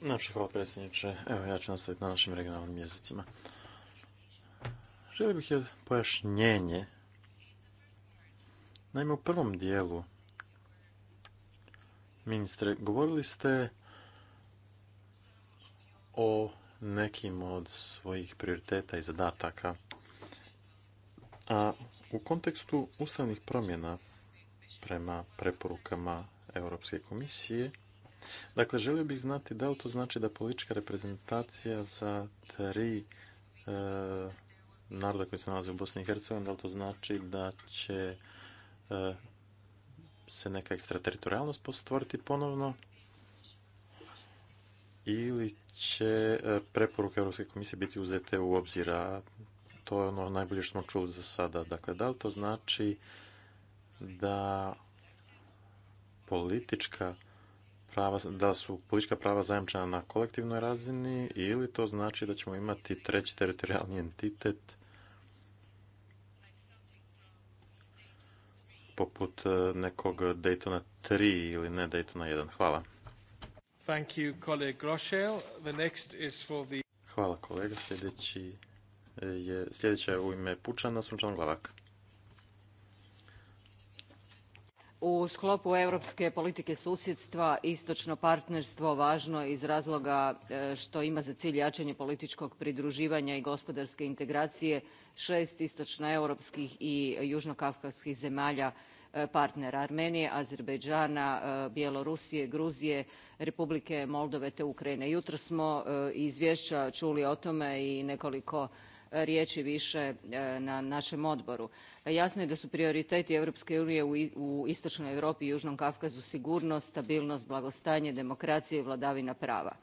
Najpšte hvala predsjedniče. Evo ja ću nastaviti na našim regionalnim jezicima. Želio bih je pojašnjenje. Naime, u prvom dijelu, ministre, govorili ste o nekim od svojih prioriteta i zadataka. A u kontekstu ustavnih promjena prema preporukama Europske komisije, dakle, želio bih znati da li to znači da politička reprezentacija za tri e, naroda koji se nalaze u Bosni i Hercegovini, da li to znači da će e, se neka ekstrateritorijalnost postvoriti ponovno ili će e, preporuke Europske komisije biti uzete u obzira to je ono najbolje što smo čuli za sada. Dakle, da li to znači da politička prava, da su politička prava zajamčena na kolektivnoj razini ili to znači da ćemo imati treći teritorijalni entitet poput e, nekog Daytona 3 ili ne Daytona 1. Hvala. Thank you, Hvala kolega, sljedeći je sljedeća u ime Pučana Sunčan Glavak. U sklopu europske politike susjedstva istočno partnerstvo važno iz razloga e, što ima za cilj jačanje političkog pridruživanja i gospodarske integracije šest istočnoeuropskih i južnokavkaskih zemalja e, partnera Armenije, Azerbejdžana, e, Bjelorusije, Gruzije, Republike Moldove te Ukrajine. Jutros smo izvješća čuli o tome i nekoliko riječi više e, na našem odboru. Jasno je da su prioriteti Europske unije u istočnoj Europi i južnom Kafkazu sigurnost, stabilnost, blagostanje, demokracija i vladavina prava.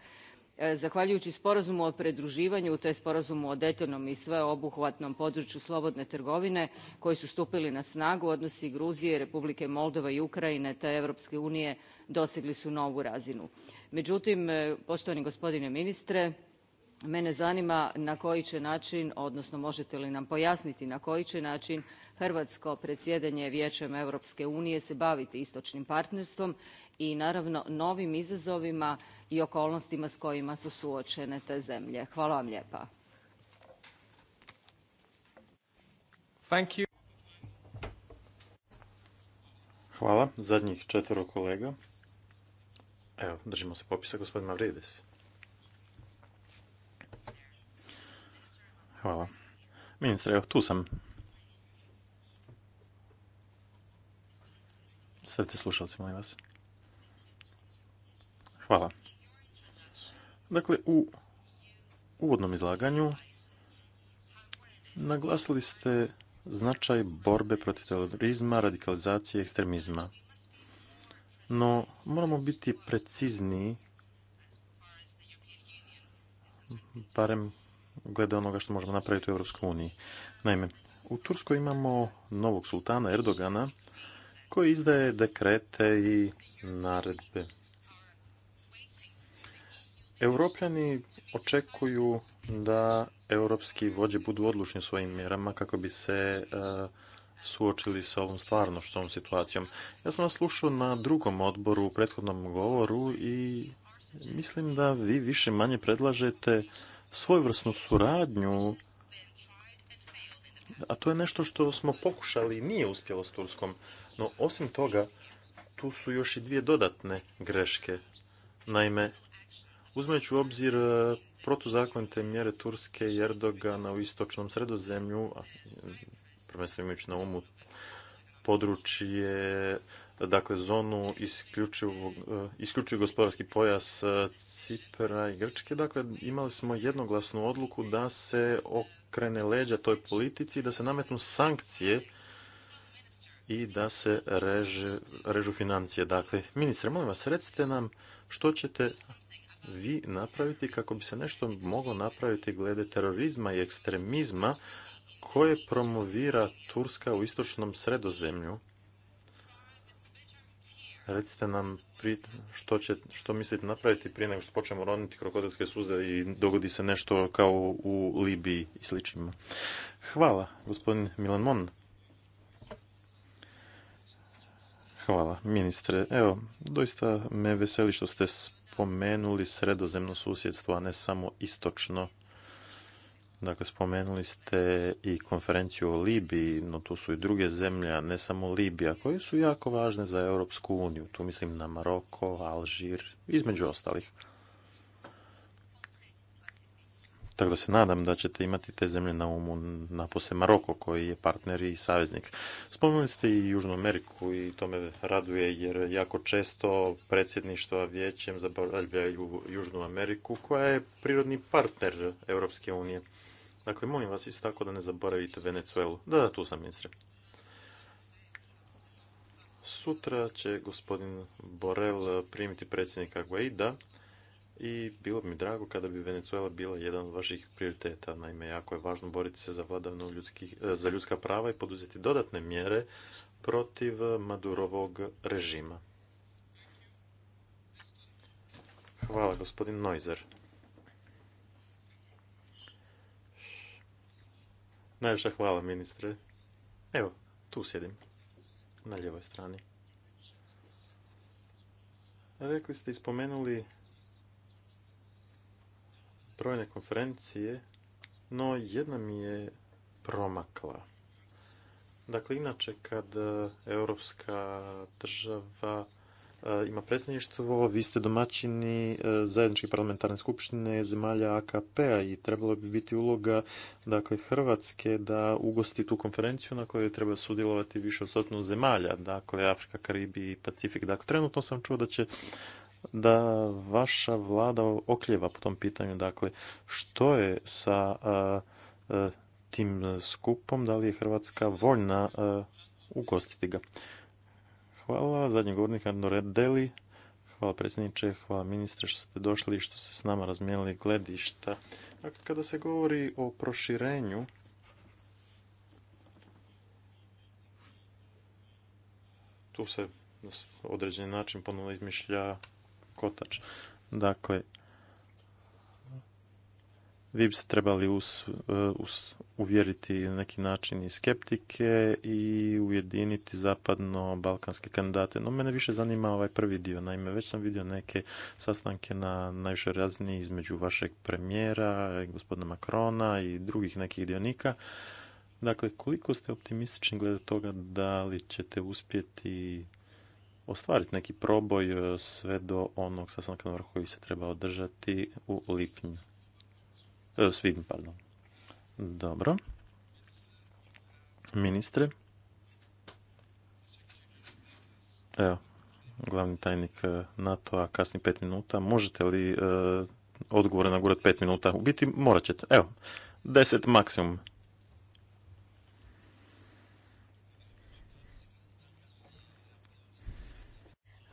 E, zahvaljujući sporazumu o pridruživanju te sporazumu o detaljnom i sveobuhvatnom području slobodne trgovine koji su stupili na snagu odnosi Gruzije, Republike Moldova i Ukrajine te Europske unije dosegli su novu razinu. Međutim, e, poštovani gospodine ministre, mene zanima na koji će način odnosno možete li nam pojasniti na koji će način hrvatsko predsjedanje vijećem europske unije se baviti istočnim partnerstvom i naravno novim izazovima i okolnostima s kojima su suočene te zemlje. Hvala vam lijepa. Hvala. Zadnjih kolega. Evo, držimo se popisa gospodina vredes. Hvala. Ministre, evo, tu sam. Sredite slušalci, molim vas. Hvala. Dakle, u uvodnom izlaganju naglasili ste značaj borbe protiv terorizma, radikalizacije i ekstremizma. No, moramo biti precizniji, barem glede onoga što možemo napraviti u Europskoj uniji. Naime, u Turskoj imamo novog sultana Erdogana koji izdaje dekrete i naredbe. Europljani očekuju da europski vođe budu odlučni svojim mjerama kako bi se e, suočili sa ovom stvarnošću, ovom situacijom. Ja sam vas slušao na drugom odboru u prethodnom govoru i mislim da vi više manje predlažete svojevrsnu suradnju, a to je nešto što smo pokušali i nije uspjelo s Turskom. No, osim toga, tu su još i dvije dodatne greške. Naime, uzmeću u obzir e, protuzakonite mjere Turske i Erdogana u istočnom sredozemlju, prvenstveno imajući na umu područje dakle zonu e, isključivi gospodarski pojas e, Cipra i Grčke. Dakle, imali smo jednoglasnu odluku da se okrene leđa toj politici, da se nametnu sankcije i da se režu financije. Dakle, ministre, molim vas, recite nam što ćete vi napraviti kako bi se nešto moglo napraviti glede terorizma i ekstremizma koje promovira Turska u istočnom sredozemlju. Recite nam što, što mislite napraviti prije nego što počnemo roniti krokodilske suze i dogodi se nešto kao u Libiji i sličnima. Hvala, gospodin Milan Mon. Hvala, ministre. Evo, doista me veseli što ste spomenuli sredozemno susjedstvo, a ne samo istočno Dakle, spomenuli ste i konferenciju o Libiji, no tu su i druge zemlje, ne samo Libija, koje su jako važne za Europsku uniju. Tu mislim na Maroko, Alžir, između ostalih. Tako da se nadam da ćete imati te zemlje na umu napose Maroko koji je partner i saveznik. Spomenuli ste i Južnu Ameriku i to me raduje jer jako često predsjedništva vijećem zaboravljaju Južnu Ameriku koja je prirodni partner Europske unije. Dakle, molim vas isto tako da ne zaboravite Venecuelu. Da, da, tu sam, ministre. Sutra će gospodin Borel primiti predsjednika Guaida i bilo bi mi drago kada bi Venecuela bila jedan od vaših prioriteta. Naime, jako je važno boriti se za vladavnu e, za ljudska prava i poduzeti dodatne mjere protiv Madurovog režima. Hvala, gospodin Noizer. Najviše hvala ministre. Evo, tu sjedim. Na ljevoj strani. Rekli ste i spomenuli brojne konferencije, no jedna mi je promakla. Dakle, inače kad eh, europska država E, ima predsjedništvo, vi ste domaćini e, zajedničke parlamentarne skupštine zemalja AKP-a i trebalo bi biti uloga dakle, Hrvatske da ugosti tu konferenciju na kojoj treba sudjelovati više od zemalja, dakle Afrika, Karibi i Pacifik. Dakle, trenutno sam čuo da će da vaša vlada okljeva po tom pitanju, dakle, što je sa e, tim skupom, da li je Hrvatska voljna ugostiti ga. Hvala. Zadnji govornik Andor Deli. Hvala predsjedniče, hvala ministre što ste došli i što ste s nama razmijenili gledišta. kada se govori o proširenju, tu se na određeni način ponovno izmišlja kotač. Dakle, vi bi se trebali eh, us, uvjeriti na neki način i skeptike i ujediniti zapadno-balkanske kandidate. No, mene više zanima ovaj prvi dio. Naime, već sam vidio neke sastanke na najvišoj razini između vašeg premijera, gospodina Makrona i drugih nekih dionika. Dakle, koliko ste optimistični glede toga da li ćete uspjeti ostvariti neki proboj eh, sve do onog sastanka na vrhu koji se treba održati u lipnju? E, svim, pardon. Dobro. Ministre. Evo, glavni tajnik e, NATO-a, kasni pet minuta. Možete li odgovor e, odgovore na pet minuta? U biti morat ćete. Evo, deset maksimum.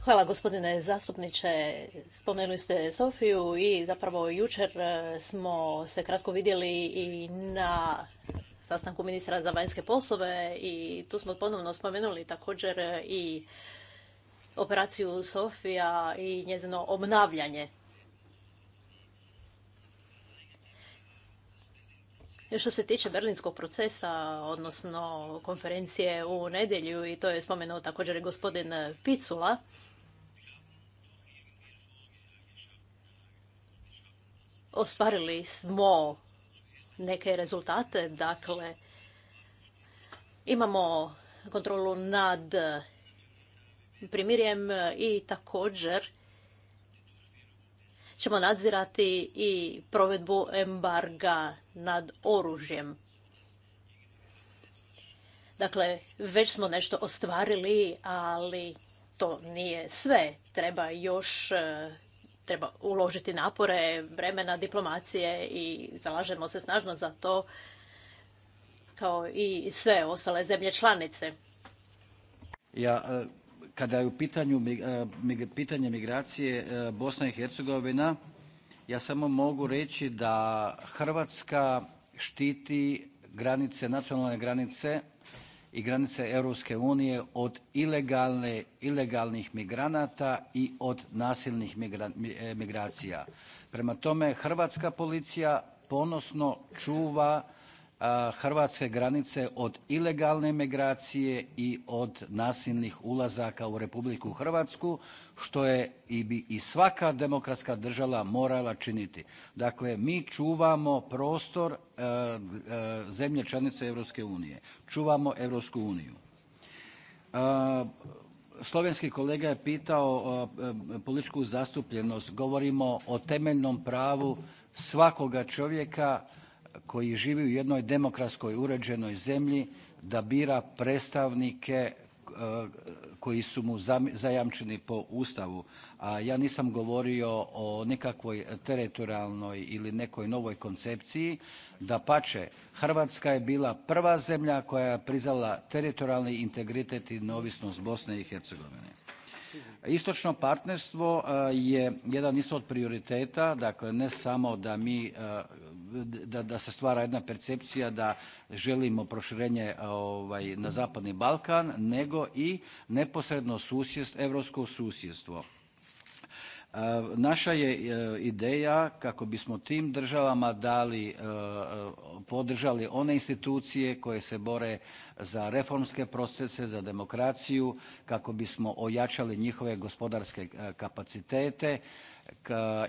Hvala gospodine zastupniče. Spomenuli ste Sofiju i zapravo jučer e, smo se kratko vidjeli i na sastanku ministra za vanjske poslove i tu smo ponovno spomenuli također i operaciju Sofija i njezino obnavljanje. Što se tiče berlinskog procesa, odnosno konferencije u nedjelju, i to je spomenuo također gospodin Picula, ostvarili smo neke rezultate, dakle imamo kontrolu nad primirjem i također ćemo nadzirati i provedbu embarga nad oružjem. Dakle, već smo nešto ostvarili, ali to nije sve. Treba još treba uložiti napore, vremena, diplomacije i zalažemo se snažno za to kao i sve ostale zemlje članice. Ja, e, kada je u pitanju e, pitanje migracije e, Bosna i Hercegovina, ja samo mogu reći da Hrvatska štiti granice, nacionalne granice i granice Europske unije od ilegalne, ilegalnih migranata i od nasilnih e, migracija. Prema tome, hrvatska policija ponosno čuva hrvatske granice od ilegalne migracije i od nasilnih ulazaka u Republiku Hrvatsku, što je i bi i svaka demokratska država morala činiti. Dakle, mi čuvamo prostor e, e, zemlje članice Europske unije. Čuvamo Europsku uniju. E, slovenski kolega je pitao političku zastupljenost. Govorimo o temeljnom pravu svakoga čovjeka koji živi u jednoj demokratskoj uređenoj zemlji da bira predstavnike e, koji su mu zajamčeni po Ustavu. A ja nisam govorio o nekakvoj teritorijalnoj ili nekoj novoj koncepciji. Dapače, Hrvatska je bila prva zemlja koja je priznala teritorijalni integritet i neovisnost Bosne i Hercegovine. Istočno partnerstvo e, je jedan isto od prioriteta, dakle ne samo da mi e, da, da se stvara jedna percepcija da želimo proširenje ovaj, na Zapadni Balkan, nego i neposredno susjedstvo, europsko susjedstvo. Naša je e, ideja kako bismo tim državama dali, e, podržali one institucije koje se bore za reformske procese, za demokraciju, kako bismo ojačali njihove gospodarske e, kapacitete,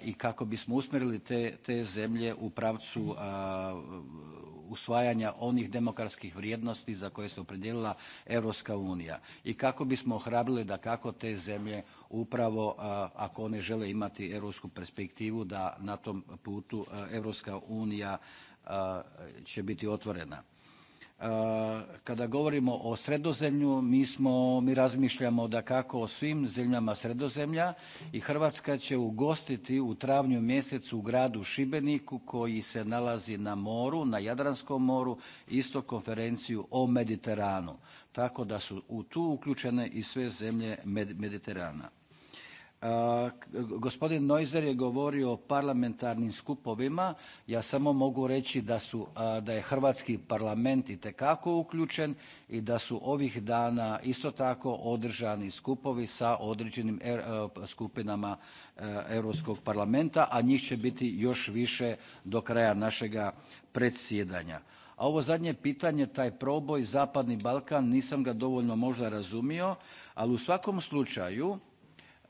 i kako bismo usmjerili te, zemlje u pravcu usvajanja onih demokratskih vrijednosti za koje se opredijelila Europska unija i kako bismo ohrabrili da kako te zemlje upravo ako one žele imati europsku perspektivu da na tom putu Europska unija će biti otvorena. Kada govorimo o Sredozemlju mi smo, mi razmišljamo dakako o svim zemljama Sredozemlja i Hrvatska će ugostiti u travnju mjesecu u gradu Šibeniku koji se nalazi na moru, na Jadranskom moru isto konferenciju o Mediteranu. Tako da su u tu uključene i sve zemlje Mediterana. Gospodin Neuser je govorio o parlamentarnim skupovima. Ja samo mogu reći da, su, da je Hrvatski parlament itekako uključen i da su ovih dana isto tako održani skupovi sa određenim e, skupinama e, Europskog parlamenta, a njih će biti još više do kraja našega predsjedanja. A ovo zadnje pitanje, taj proboj Zapadni Balkan, nisam ga dovoljno možda razumio, ali u svakom slučaju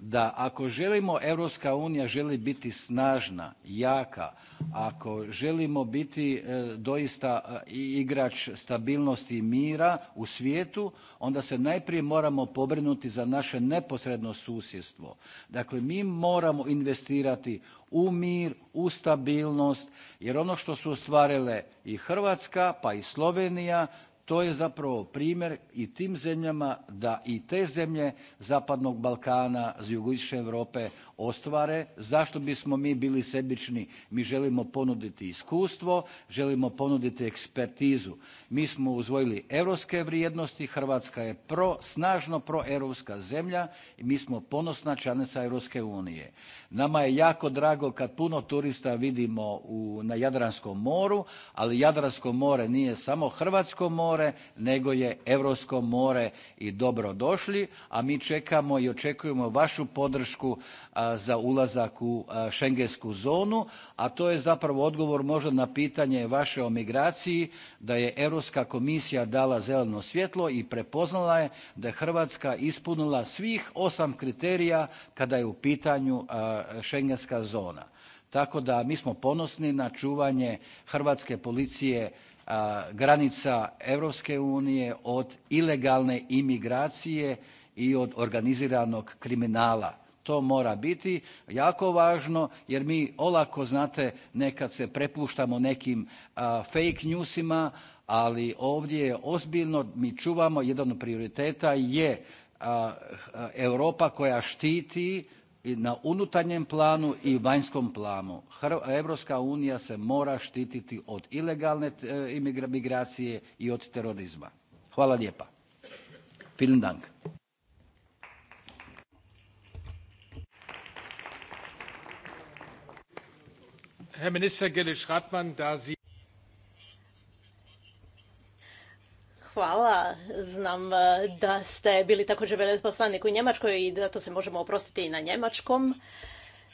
da ako želimo Europska unija želi biti snažna, jaka, ako želimo biti e, doista e, igrač stabilnosti i mira u svijetu, onda se najprije moramo pobrinuti za naše neposredno susjedstvo. Dakle, mi moramo investirati u mir, u stabilnost, jer ono što su ostvarile i Hrvatska, pa i Slovenija, to je zapravo primjer i tim zemljama da i te zemlje zapadnog Balkana, jugoistočne Europe ostvare. Zašto bismo mi bili sebični? Mi želimo ponuditi iskustvo, želimo ponuditi ekspertizu. Mi smo uzvojili europske vrijednosti, Hrvatska je pro, snažno proeuropska zemlja i mi smo ponosna članica Europske unije. Nama je jako drago kad puno turista vidimo u, na Jadranskom moru, ali Jadransko more nije samo Hrvatsko more, nego je Europsko more i dobrodošli, a mi čekamo i očekujemo vašu podršku a, za ulazak u šengensku zonu, a to je zapravo odgovor možda na pitanje vaše o migraciji, da je Europska komisija dala zeleno svjetlo i prepoznala je da je Hrvatska ispunila svih osam kriterija kada je u pitanju šengenska zona. Tako da mi smo ponosni na čuvanje hrvatske policije granica Europske unije od ilegalne imigracije i od organiziranog kriminala. To mora biti jako važno jer mi olako, znate, nekad se prepuštamo nekim fake newsima, ali ovdje je ozbiljno, mi čuvamo, jedan od prioriteta je Europa koja štiti i na unutarnjem planu i vanjskom planu. Europska unija se mora štititi od ilegalne e, migracije i od terorizma. Hvala lijepa. Vielen Dank. Herr Minister da Sie Hvala. Znam eh, da ste bili također veleposlanik u Njemačkoj i da to se možemo oprostiti i na njemačkom.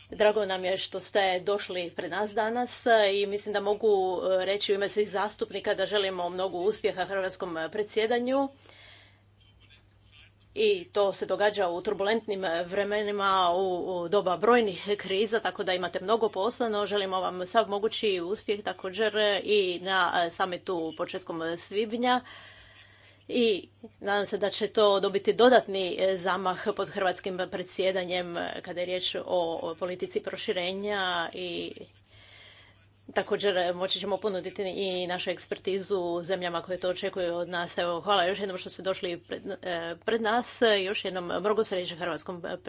Drago nam je što ste došli pred nas danas eh, i mislim da mogu eh, reći u ime svih zastupnika da želimo mnogo uspjeha hrvatskom predsjedanju i to se događa u turbulentnim vremenima, u doba brojnih kriza, tako da imate mnogo posla, no želimo vam sav mogući uspjeh također i na samitu početkom svibnja. I nadam se da će to dobiti dodatni zamah pod hrvatskim predsjedanjem kada je riječ o politici proširenja i Također e, moći ćemo ponuditi i našu ekspertizu zemljama koje to očekuju od nas. Evo, hvala još jednom što ste došli pred, e, nas. Još jednom mnogo sreće hrvatskom